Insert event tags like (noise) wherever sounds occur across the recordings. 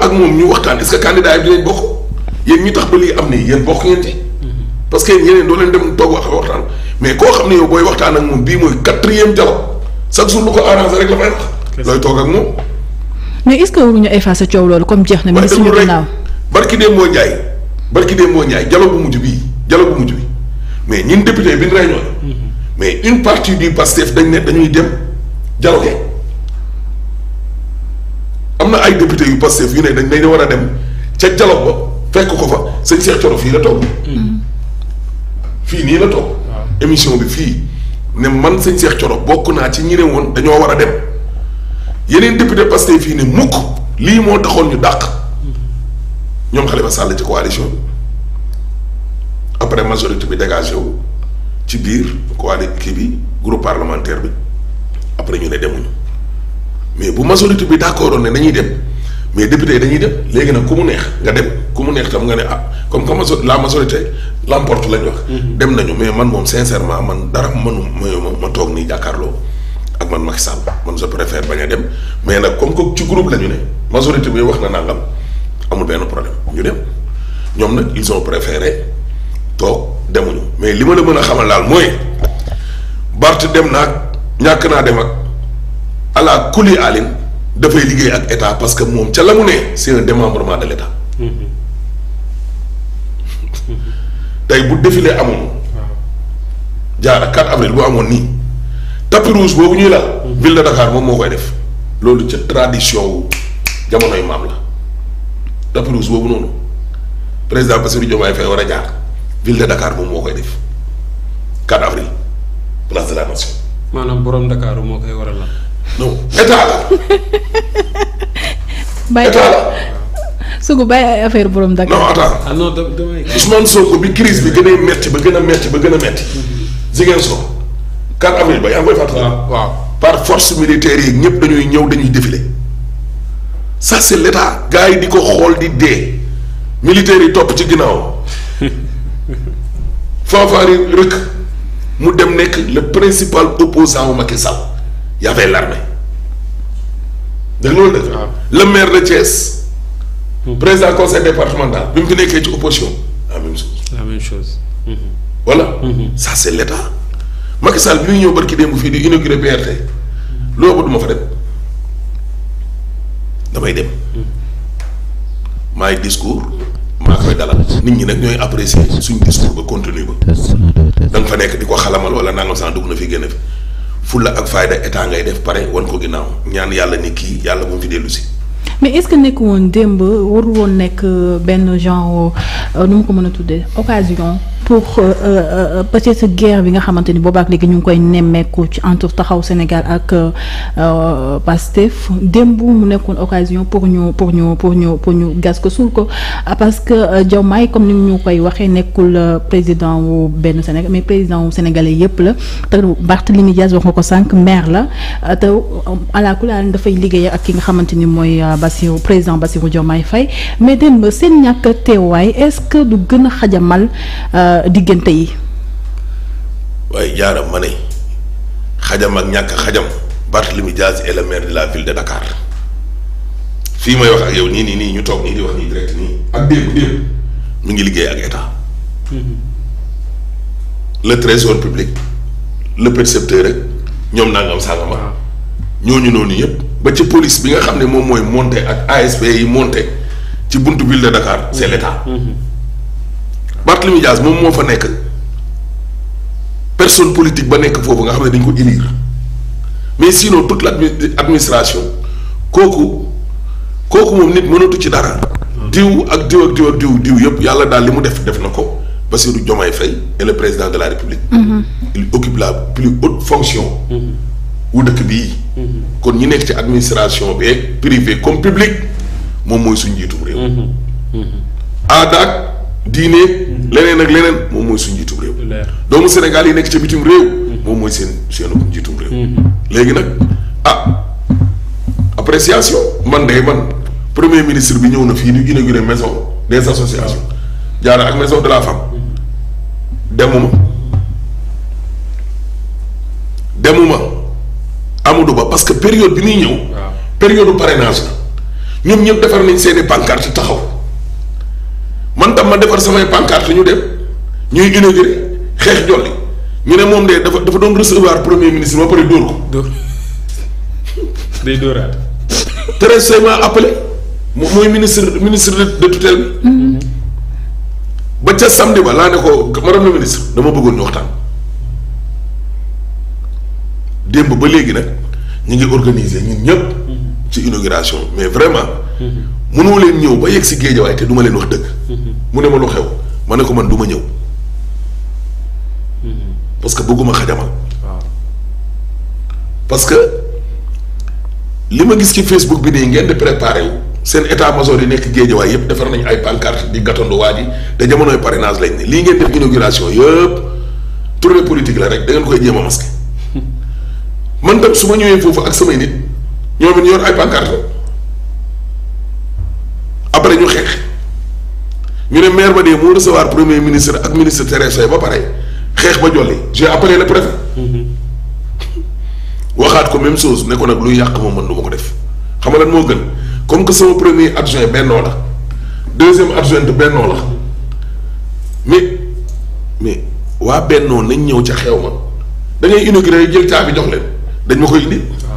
ak moom ñu waxtaan est-ce que candidat yi bokk yéen ñi tax ba lii am nii yéen bokk ngeen ci. parce que yeneen doo leen dem toog wax waxtaan mais koo xam ne yow booy waxtaan ak moom bii mooy quatrième dialogue chaque jour lu ko arrangé rek la fay wax. looy toog ak moom. mais est-ce que waruñu effacer coow loolu comme jeex na. mais suñu ginnaaw barki Demba Ndiaye barki Demba bu mujj bii dialogue bu mujj bi mais ñun député bi ñu réunion mm-hmm. mais une partie du Pastef dañ ne dañuy dem dialogue am na ay député yu Pastef yu ne dañ dañ war a dem ca dialogue ba fekk ko fa sëñ Cheikh Thioro fii la toog. fii nii la toog. émission bi fii ne man sëñ Cheikh Thioro bokk naa ci ñi ne woon dañoo war a dem yeneen député Pastef fii ne mukk lii moo taxoon ñu dàq ñoom Khalifa Sall ci coalition bi après majorité bi dégagé wu ci biir coalition kii bi groupe parlementaire bi après ñu ne demuñu. mais bu majorité bi d'accord woon ne dañuy dem mais député dañuy dem léegi nag ku mu neex nga dem ku mu neex tam nga ne ah comme que majorité la majorité l'emporte lañ wax. Mm-hmm. dem nañu mais man moom sincèrement man dara mënu ma ma toog nii jàkkaarloo ak man Macky Sall man je préfère bañ a dem mais nag comme que ci groupe la ñu ne majorité bi wax na nangam amul benn problème ñu dem ñoom nag ils ont préféré toog demuñu mais li ma la mën a xamal daal mooy Barth dem naag ñàkk naa dem ak. ala kuli alin dafay liggéey ak état parce que moom ca la mu ne c'est un démembrement de l'état mm-hmm. tey bu défilé amoon jaar ak 4 avril bu amoon nii tapis rouge boobu ñuy lal mm-hmm. ville de Dakar moom moo koy def loolu ca tradition wu jamonoy maam la tapis rouge boobu noonu président Bassirou Diomaye Faye war a jaar ville de Dakar moom moo koy def 4 avril place de la nation maanaam borom Dakar moo koy war a lal non état la. bàyyi su ko bàyyi ay affaire borom Dakar. non attends ah non bi crise bi gën metti ba gën a metti ba gën a metti. Ziguinchor 4 avril ba yaa ngi koy fàttali. Ah, waaw par force militaire yi ñëpp dañuy ñëw dañuy défilé. ça c' est l' yi di ko xool di dee militaires yi topp ci ginnaaw (laughs) fanfaari rëkk mu dem nekk le principal opposant wu Macky Sall y avait l' armée dëgg loolu dëgg ah. le maire de Thiès. président conseil départemental bi mu fi ci opposition la même chose. la même chose. Mhm. voilà. Mhm. ça c' est l' état. Macky Sall bi muy ñëw barki démb fii di inauguré BRT loolu du ma fa dem damay dem mhm. maay discours maa koy dalal nit ñi nag ñooy apprécier suñ discours ba continue ba da nga fa nekk di ko xalamal wala nangam sax dugg na fi génn fi. fulla ak fayda état ngay def pare wan ko ginnaaw ñaan yàlla ni kii yàlla bu mu fi dellu si. mais est-ce que nekk woon démb waru woon nekk euh, benn genre euh, nu mu ko mën a tuddee occasion. pour euh, euh, euh peut guerre bi nga xamante ni boobaak léegi ñu ngi koy nemmeeku ci entre taxaw Sénégal ak euh, Pastef démb mu nekkoon occasion pour ñu pour ñu pour ñu pour ñu gas ko suul ko ah, parce que Diomaye comme ni ñu koy waxee nekkul président wu benn Sénégal mais président wu sénégalais yëpp la te Barthélémy Dias wax nga ko sànq maire la ah, te àlakulaan dafay liggéey ak ki nga xamante ni mooy Bassirou président Bassirou Diomaye Faye mais démb seen ñàkk teewaay est-ce que du gën a xajamal diggante yi. waaye jaaram ma ne xajam ak ñàkk xajam Barthélémy Dias est le maire de la ville de Dakar fii may wax ak yow nii nii nii ñu toog nii di wax nii direct nii ak démb démb mu ngi liggéey ak état. Mm-hmm. le trésor public le percepteur rek ñoom nangam sàngama ñooñu noonu yëpp ba ci police bi nga xam ne moom mooy monté ak ASP yi monté ci buntu ville de Dakar c'est l'État. Mm-hmm. Barthélemy Dias moom moo fa nekk personne politique ba nekk foofu nga xam ne dañ ko élire mais sinon toute l'administration kooku kooku moom nit mënatu ci dara. diw ak diw ak diw ak diw diw yëpp yàlla daal li mu def def na ko Bassirou Diomaye Faye est le président de la République. Mm-hmm. il la plus haute fonction. Mm-hmm. wu dëkk bii. Mm-hmm. kon ñi nekk ci administration beeg privé comme public moom mooy suñu njiitum réew. aadaak diine leneen ak leneen moom mooy suñu njiitum réew. doomu Sénégal yi nekk ca bitim réew. moom mooy seen seenu njiitum réew. Mhm. léegi nag ah appréciation man de man premier ministre bi ñëw na fii di inauguré maison des associations jaara ak maison de la femme mhm. demuma demuma Amadou Ba parce que période bi muy ñëw. période parrainage la ñoom ñëpp defar nañ seen i pancarte taxaw. man tam ma defar samay pancarte ñu dem ñuy inauguré xeex jolli ñu ne moom de dafa dafa doon recevoir premier ministre ba pare dóor ko. dóor day dóoraat. très seulement appelé moom mooy ministre ministre de tutelle mm-hmm. ba ca samedi ba laa ne ko madame la ministre dama bëggoon ñu waxtaan. démb ba léegi nag ñu ngi organiser ñun ñëpp. Mm-hmm. ci inauguration mais vraiment. Mm-hmm. mënoo leen ñëw ba yegg si géejawaay te duma leen wax dëgg. Mhm. mu ne ma lu xew ma ne ko man du ma ñëw. Mhm. parce que bëgguma xajamal. parce que li ma gis ci Facebook bi nii ngeen di préparé seen état major yi nekk géejawaay yëpp defar nañ ay pancarte di gàttandu waa ji te jamonoy parrainage lañ ne lii ngeen def inauguration yëpp tournée politique la rek da ngeen koy jéem a (laughs) man tam su ma ñëwee foofu ak samay nit ñoom it ñu yor ay après ñu xeex ñu ne maire ba dee moo recevoir premier ministre ak ministre Thérèse ba pare xeex ba jolli j'ai appelé le préfet. Mm-hmm. waxaat ko même chose ne ko nag luy yàq moom man du ma ko def xam nga lan moo gën comme que sama premier adjoint bennoo la deuxième adjoint bennoo la mais mais waa bennoo nañ ñëw ca xew ma da ngay inauguré jël caabi jox leen dañ ma ko indi. Ah.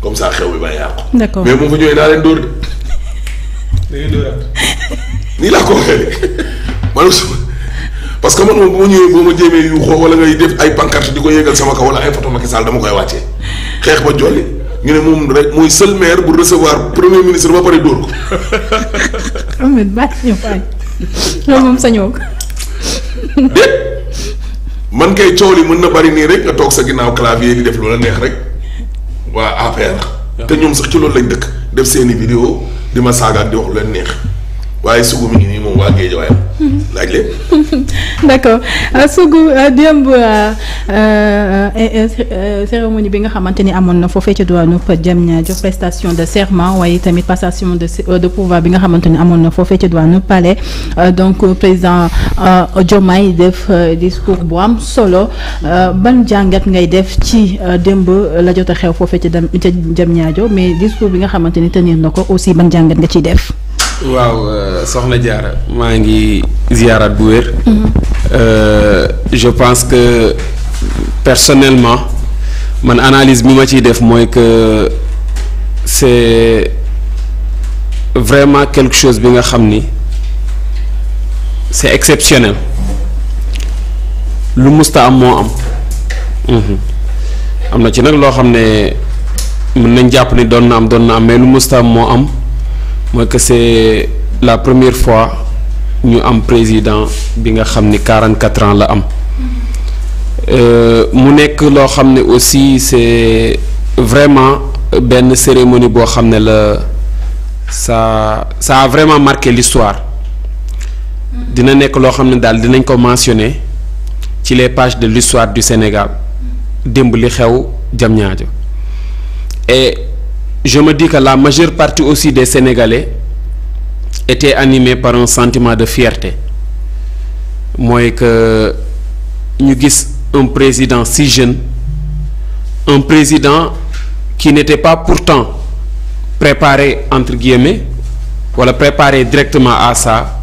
comme ça xew bi ba yàqu. d'accord mais moom fa ñëwee naa leen dóor de. da (laughs) nii laa ko waxee man parce que man moom bu ma ñëwee boo ma jéemee yu xoo wala ngay def ay pancarte di ko yéegal sama kaw wala ay photo Macky Sall dama koy wàccee xeex ba jolli ñu ne moom rek mooy seul maire bu recevoir premier ministre ba pare dóor ko. (laughs) Ahmed baax ñu (laughs) eh? man kay coow li mën na bari nii rek nga toog sa ginnaaw clavier di def lu la neex rek waa APR. Ah. te ñoom sax ci loolu lañ dëkk def seeni vidéo di ma saagaat di wax lu leen neex. waaye sugu mi ngi nii moom waa géej waaye mhm. laaj leen. (laughs) d' accord euh, euh, démb euh, cérémonie bi nga xamante ni amoon na foofee ca diwaanu Diamniadio prestation de serment waaye tamit passation de de pouvoir bi nga xamante ni amoon na foofee ca diwaanu palais donc président Diomaye def discours bu am solo ban jàngat ngay def ci démb la jot a xew foofee ca ñaajo mais discours bi nga xamante ni tenir na ko aussi ban jàngat nga ciy def. waaw euh, soxna Diarra maa ngi ziyaaraat bu wér. Mm-hmm. Euh, je pense que personnellement man analyse bi ma ciy def mooy que c'est vraiment quelque chose bi nga xam ni c'est exceptionnel lu musta am moo am. Mm-hmm. am na ci nag loo xam ne mun nañ jàpp ni doon na am doon na am mais lu musta am moo am. mooy que c'est la première fois ñu am président bi nga xam ni quarante quatre ans la am euh, mu nekk loo xam ne aussi c'est vraiment benn cérémonie boo xam ne la ça ça a vraiment marqué l'histoire dina nekk loo xam ne daal dinañ ko mentionner ci les pages de l'histoire du Sénégal démb li xew Diamniadio et je me dis la majeure partie aussi de Sénégalais étaient animés par un sentiment de fierté mooy que ñu gis un président si jeune un président ki qui n'était pas pourtant préparé entre guillemets wala préparé directement à ça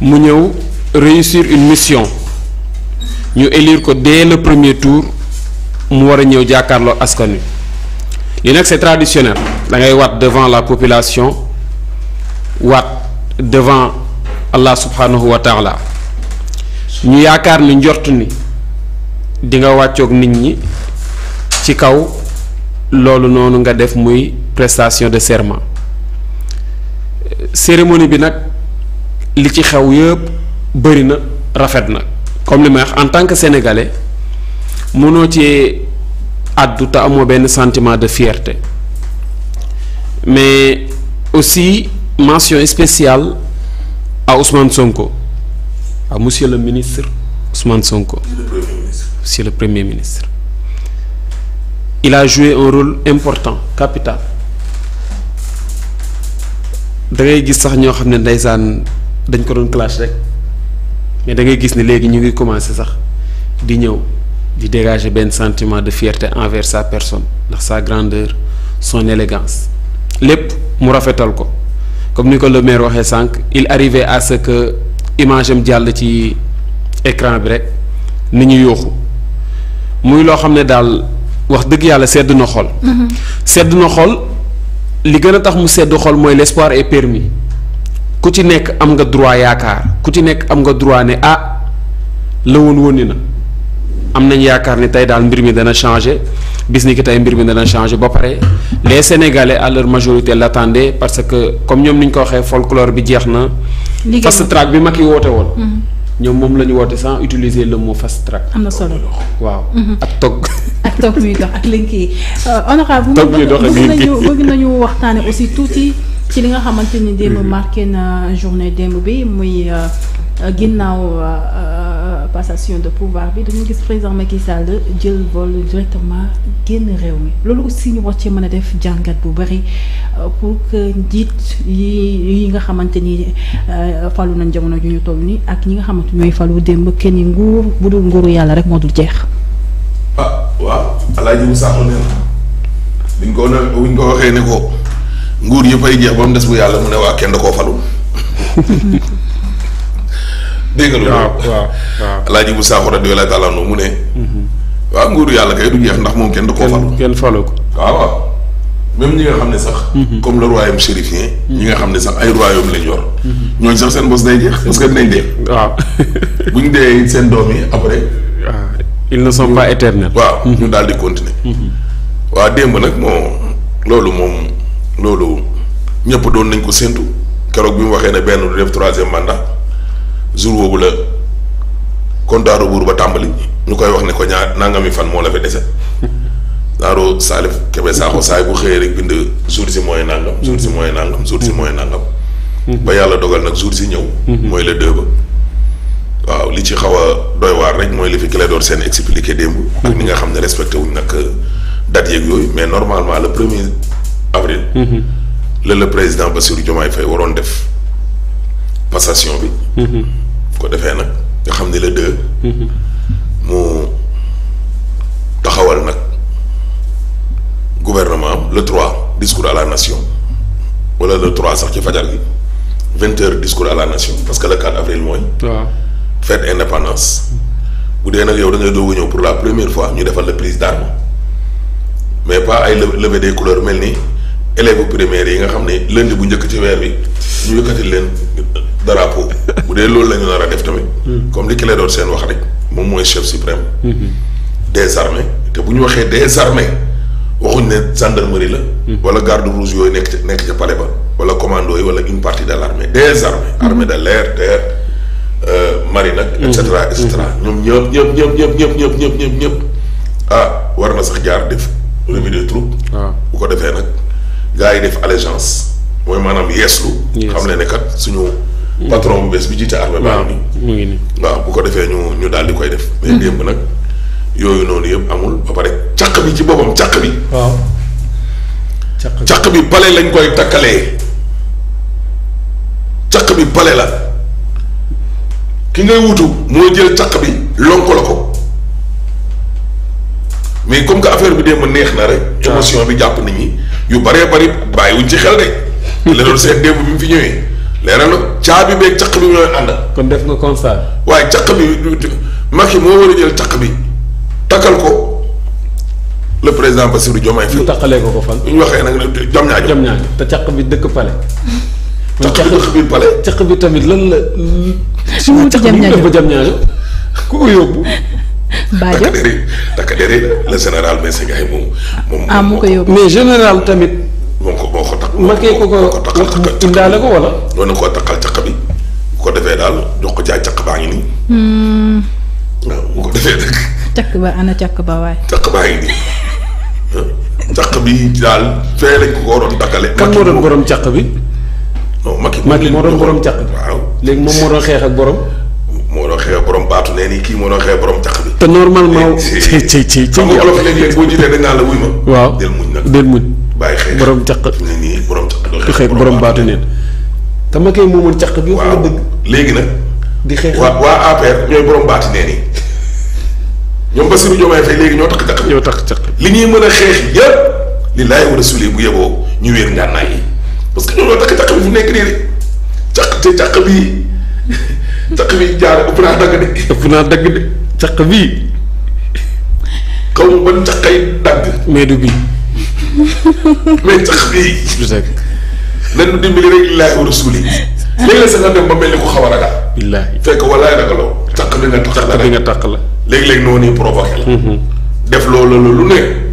mu ñëw réussir une mission ñu élire ko dès le premier tour mu war a ñëw jàkkaarloo askan wi li nag c'est traditionnel da ngay waat devant la population waat devant allah subhanahu wa taala ñu yaakaar ni njort ni dinga nga wàccoog nit ñi ci kaw loolu noonu nga def muy prestation de serment cérémonie bi nag li ci xew yëpp bëri na rafet na comme li ma wax en tant que sénégalais mënoo ci àddu te amoo benn sentiment de fierté mais aussi mention spéciale à Ousmane Sonko à monsieur le ministre Ousmane Sonko monsieur le premier ministre il a joué un rôle important capital da ngay gis sax ñoo xam ne ndeysaan dañ ko doon clash rek mais da ngay gis ni léegi ñu ngi commencé sax di ñëw di dégager benn sentiment de fierté envers sa personne ndax sa grandeur son élégance lépp mu rafetal ko comme ni ko le maire waxee sànq il arrivait à ce que image jàll ci écran bi rek ni ñu yooxu muy loo xam ne daal wax dëgg yàlla sedd na xol. Mhm. sedd na xol li gën a tax mu sedd xol mooy l'espoir et permis ku ci nekk am nga droit yaakaar ku ci nekk am nga droit ne ah la woon woni na. am nañ yaakaar ni tey daal mbir mi dana changer bis ni ki tey mbir mi dana changer ba pare les sénégalais à leur majorité l'attendaient parce que comme ñoom ni ko waxee folklore bi jeex na. fast track bi mag yi woote woon. Mhm. ñoom moom la ñu woote sans utiliser le mot fast track. am na solo waaw. Mhm. ak togg. (laughs) ak togg muy dox ak liñ kii. Euh, honorable bëgg nañu bëgg nañu waxtaane aussi tuuti ci li nga xamante ni démb mhm. marqué na journée démb bi muy euh, ginnaaw. Euh, passation de pouvoir bi dañu gis président Macky Sall jël vol directement génn réew mi loolu si ñu wax ci mën a def jàngat bu bari euh, pour que njiit yi yi nga xamante ni euh, falu nañ jamono ju ñu toll nii ak ñi nga xamante ñooy falu démb kenn ni nguur bu dul nguuru yàlla rek moo dul jeex. ah waaw Alaaji Moussa nee na buñ ko buñ ko waxee ne ko nguur yëpp ay jeex ba mu des bu yàlla mu ne waa kenn da koo falul. (laughs) dégg nga loolu waaw waaw waaw. alaaji Moussa radiyallaahu taala anhu mu ne. Mhm. waaw nguuru yàlla kay du jeex ndax moom kenn du ko falu. kenn falu ko waaw waaw. même ñi nga xam ne sax. Mhm. comme le royaume chérifien. Mhm. ñi nga xam ne sax ay royaume lañ yor. ñooñu sax seen bos day jeex parce que dinañ dee. waaw (laughs) bu ñu dee seen doom yi après. waaw ils ne sont pas waaw ñu daal di continuer. waaw démb nag moo loolu moom loolu ñëpp doon nañ ko séntu keroog bi mu waxee ne benn du def troisième mandat. jour boobu la kontaaro buur ba tàmbali nu koy wax ne ko ñaar nangami fan moo la fi dese daaro Salif Kébé Sakho saay bu xëyee rek bind jour si mooy nangam jour si mooy nangam jour si ba yàlla dogal nag jour si ñëw mooy le deux waaw li ci xaw a doy waar rek mooy li fi Clédor seen expliqué démb ak ni nga xam ne respecté wuñ nag euh, date yeeg yooyu mais normalement le premier avril mhm. la le président Bassirou Diomaye Faye waroon def passation bi. Mhm. ko defee nag nga xam ne le deux. Mhm. mu taxawal nag gouvernement le trois discours à la nation wala le trois sax ci fajar gi vingt heures discours à la nation parce que le quatre avril mooy. waaw fête indépendance. bu dee nag yow da ngay ñëw pour la première fois ñu defal la prise d'armes mais pas ay levée des couleurs mel ni élèves primaires yi nga xam ne lundi bu njëkk ci weer bi ñu yëkkati leen. drapeau bu dee loolu la ñu nar a def tamit. Hmm. comme li Clédor seen wax rek moom mooy chef suprême. Hmm. des armées te bu ñu waxee des armées waxuñ ne gendarmerie la. Hmm. wala garde rouge yooyu nekk ca nekk ca palais ba. wala commando yi wala une partie de l' armée des armées. armée de l' air terre euh, marine ak. et cetera et cetera ñoom ñëpp ñëpp ñëpp ñëpp ñëpp ñëpp ñëpp ñëpp ñëpp ah war na sax jaar def revue des ah. bu ko defee nag gars yi def allégeance mooy maanaam yeeslu. xam ne ne kat suñu. patron bu bees bi jiite armée baa ngi nii. mu ngi waaw bu ko defee ñu ñu daal di koy def. Hmm. mais démb nag yooyu noonu yëpp amul ba pare càq bi ci boppam càq bi. waaw càq bi càq bi bale lañ koy takkalee càq bi bale la ki ngay wutu moo jël caq bi lonko la ko mais comme que affaire bi démb neex na rek. émotion bi jàpp nañ ñi yu baree bari bàyyiwuñ ci xel de. (laughs) la doon seet démb bi mu fi ñëwee leeral la caabi beeg caq bi ñooy ànd. kon def nga constat. waaye caq bi Macky moo war a jël caq bi takkal ko le président Bassirou Diomaye Faye. ko ko fan. bu ñu waxee nag jom ñaajo jom ñaajo te caq bi dëkk pale. (laughs) caq bi dëkk bi pale caq bi tamit lan la. (laughs) su ma caq bi ñu def ba jam ñaajo ku ko yóbbu. Baajo takk dere takk dere le général Meissa Ndiaye moom. moom ah, ko yóbbu mais général tamit. makkee ko ko indaale ko wala. doon na koo taqal caq bi ko defee daal jox ko jaay caq baa ngi nii. Hmm. waaw bu ko defee nag. caq ba ana caq ba waay. caq baa ngi nii caq bi daal fee lañ ko waroon takkale. kan moo doon borom caq bi. non Macky moo doon borom caq bi léegi moom moo doon xeex ak borom. moo doon xeex borom baatu nee nii kii moo doon xeex borom caq bi. te normalement. Eh, ci ci ci xam nga olof léeg-léeg boo jiitee dañ naan la wuy ma. waaw del muñ nag del muñ. bàyyi xeex borom caq. di xeex borom baatu neen te ma koy caq bi wax dëgg léegi nag di xeex waa waa APR ñooy borom baati neen yi ñoom ba Diomaye Faye léegi ñoo tax caq ñoo tax caq li ñuy mën a xeex yëpp li war a sulee bu parce que ñoom ñoo tax caq bi fu nekk nii caq te caq bi (laughs) caq bi jaar ëpp naa dagg de ëpp naa dagg de caq bii xaw ma ban caqay dagg mais du bii caq bii nañu dimbali rek lillaahi wa rasuuli léeg-léeg sax nga dem ba mel ni ku xaw a ragal. billaahi fekk walaay ragaloo. nga takk la rek takk bi nga takk la. léeg-léeg noonu yi la. Mhm. def loolu lu ne.